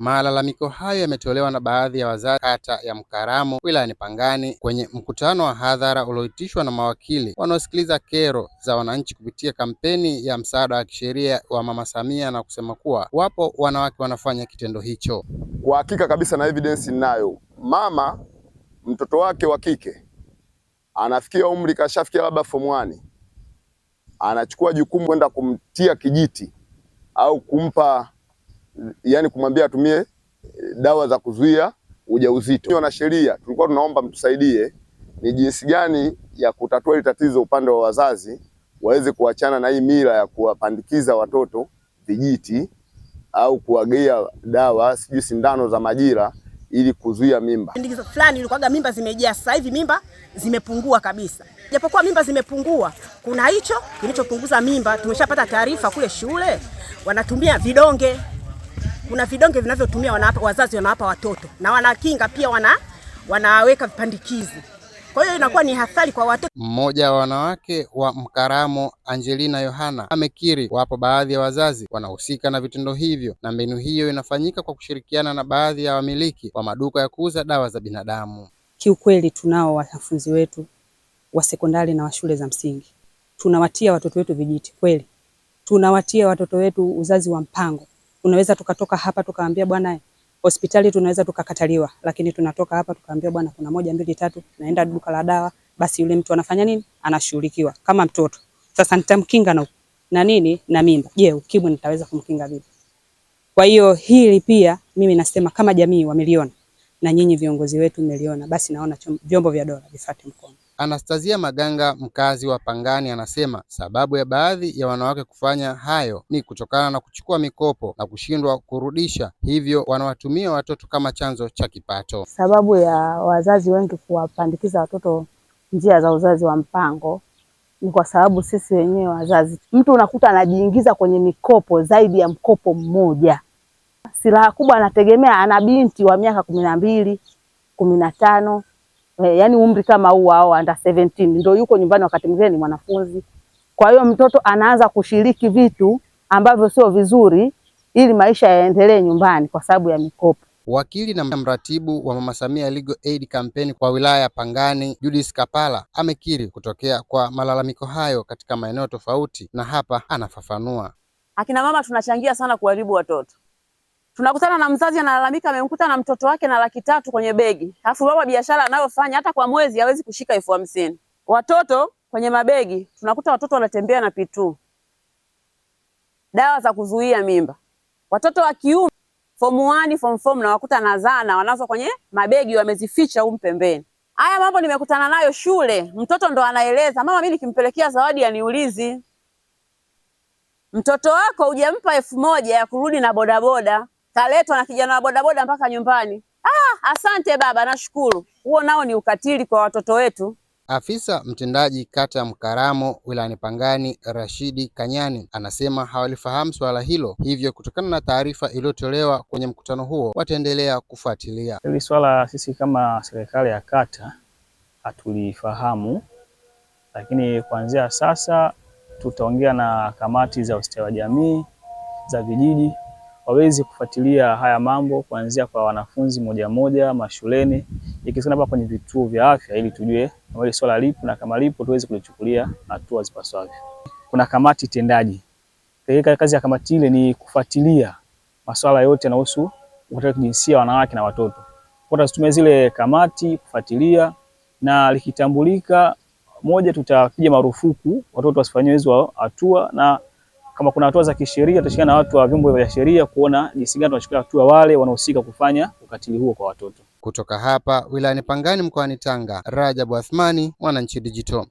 Malalamiko hayo yametolewa na baadhi ya wazazi kata ya Mkaramo wilayani Pangani kwenye mkutano wa hadhara ulioitishwa na mawakili wanaosikiliza kero za wananchi kupitia kampeni ya msaada wa kisheria wa Mama Samia, na kusema kuwa wapo wanawake wanafanya kitendo hicho. Kwa hakika kabisa na evidence ninayo, mama mtoto wake wa kike anafikia umri, kashafikia labda form 1, anachukua jukumu kwenda kumtia kijiti au kumpa yani kumwambia atumie eh, dawa za kuzuia ujauzito. sheria tulikuwa tunaomba mtusaidie ni jinsi gani ya kutatua hili tatizo upande wa wazazi waweze kuachana na hii mila ya kuwapandikiza watoto vijiti au kuwagea dawa sijui sindano za majira ili kuzuia mimba. Ndikizo fulani ilikuwaga mimba zimejaa, sasa hivi mimba zimepungua kabisa. Japokuwa mimba zimepungua, kuna hicho kilichopunguza mimba, tumeshapata taarifa kule shule wanatumia vidonge kuna vidonge vinavyotumia wanawapa, wazazi wanawapa watoto na wanakinga pia wana, wanaweka vipandikizi, kwa hiyo inakuwa ni hatari kwa watoto. Mmoja wa wanawake wa Mkaramo, Angelina Yohana, amekiri wapo baadhi ya wazazi wanahusika na vitendo hivyo na mbinu hiyo inafanyika kwa kushirikiana na baadhi ya wamiliki wa maduka ya kuuza dawa za binadamu. Kiukweli tunao wanafunzi wetu wa sekondari na wa shule za msingi, tunawatia watoto wetu vijiti kweli, tunawatia watoto wetu uzazi wa mpango. Unaweza tukatoka hapa tukaambia bwana hospitali tunaweza tukakataliwa, lakini tunatoka hapa tukaambia bwana kuna moja mbili tatu, naenda duka la dawa, basi yule mtu anafanya nini? Anashughulikiwa kama mtoto. Sasa nitamkinga na na nini na mimba? Je, ukimwi nitaweza kumkinga vipi? Kwa hiyo hili pia mimi nasema kama jamii wameliona na nyinyi viongozi wetu mmeliona, basi naona vyombo vya dola vifuate mkono. Anastasia Maganga, mkazi wa Pangani, anasema sababu ya baadhi ya wanawake kufanya hayo ni kutokana na kuchukua mikopo na kushindwa kurudisha, hivyo wanawatumia watoto kama chanzo cha kipato. Sababu ya wazazi wengi kuwapandikiza watoto njia za uzazi wa mpango ni kwa sababu sisi wenyewe wazazi, mtu unakuta anajiingiza kwenye mikopo zaidi ya mkopo mmoja. Silaha kubwa anategemea, ana binti wa miaka kumi na mbili, kumi na tano Eh, yani umri kama huu wao under 17 ndio yuko nyumbani, wakati mwingine ni mwanafunzi. Kwa hiyo mtoto anaanza kushiriki vitu ambavyo sio vizuri, ili maisha yaendelee nyumbani kwa sababu ya mikopo. Wakili na mratibu wa Mama Samia Legal Aid Campaign kwa wilaya ya Pangani, Judith Kapala amekiri kutokea kwa malalamiko hayo katika maeneo tofauti, na hapa anafafanua. Akina mama tunachangia sana kuharibu watoto tunakutana na mzazi analalamika amemkuta na mtoto wake na laki tatu kwenye begi, alafu baba biashara anayofanya hata kwa mwezi hawezi kushika elfu hamsini. Watoto kwenye mabegi tunakuta watoto wanatembea na pitu, dawa za kuzuia mimba. Watoto wa kiume form 1 form 4 nawakuta na zana wanazo kwenye mabegi, wamezificha huko pembeni. Haya mambo nimekutana nayo shule, mtoto ndo anaeleza mama, mimi nikimpelekea zawadi aniulizi. Mtoto wako hujampa elfu moja ya kurudi na bodaboda kaletwa na kijana wa bodaboda mpaka nyumbani. Ah, asante baba, nashukuru. Huo nao ni ukatili kwa watoto wetu. Afisa mtendaji kata ya Mkaramo wilayani Pangani, Rashidi Kanyani, anasema hawalifahamu suala hilo, hivyo kutokana na taarifa iliyotolewa kwenye mkutano huo wataendelea kufuatilia hili swala. Sisi kama serikali ya kata hatulifahamu, lakini kuanzia sasa tutaongea na kamati za ustawi wa jamii za vijiji waweze kufuatilia haya mambo kuanzia kwa wanafunzi moja moja mashuleni, ikisana hapa kwenye vituo vya afya, ili tujue ile swala lipo na kama lipo tuweze kulichukulia hatua zipasavyo. Kuna kamati tendaji. Kazi ya kamati ile ni kufuatilia masuala yote yanayohusu ukatili wa kijinsia wanawake na watoto. Kwa tutumia zile kamati kufuatilia na likitambulika moja, tutapiga marufuku watoto wasifanyiwe hizo hatua na kama kuna hatua za kisheria, tutashikana na watu wa vyombo vya sheria kuona jinsi gani tunachukua hatua wale wanaohusika kufanya ukatili huo kwa watoto. Kutoka hapa wilayani Pangani mkoani Tanga, Rajabu Athmani, Mwananchi Digital.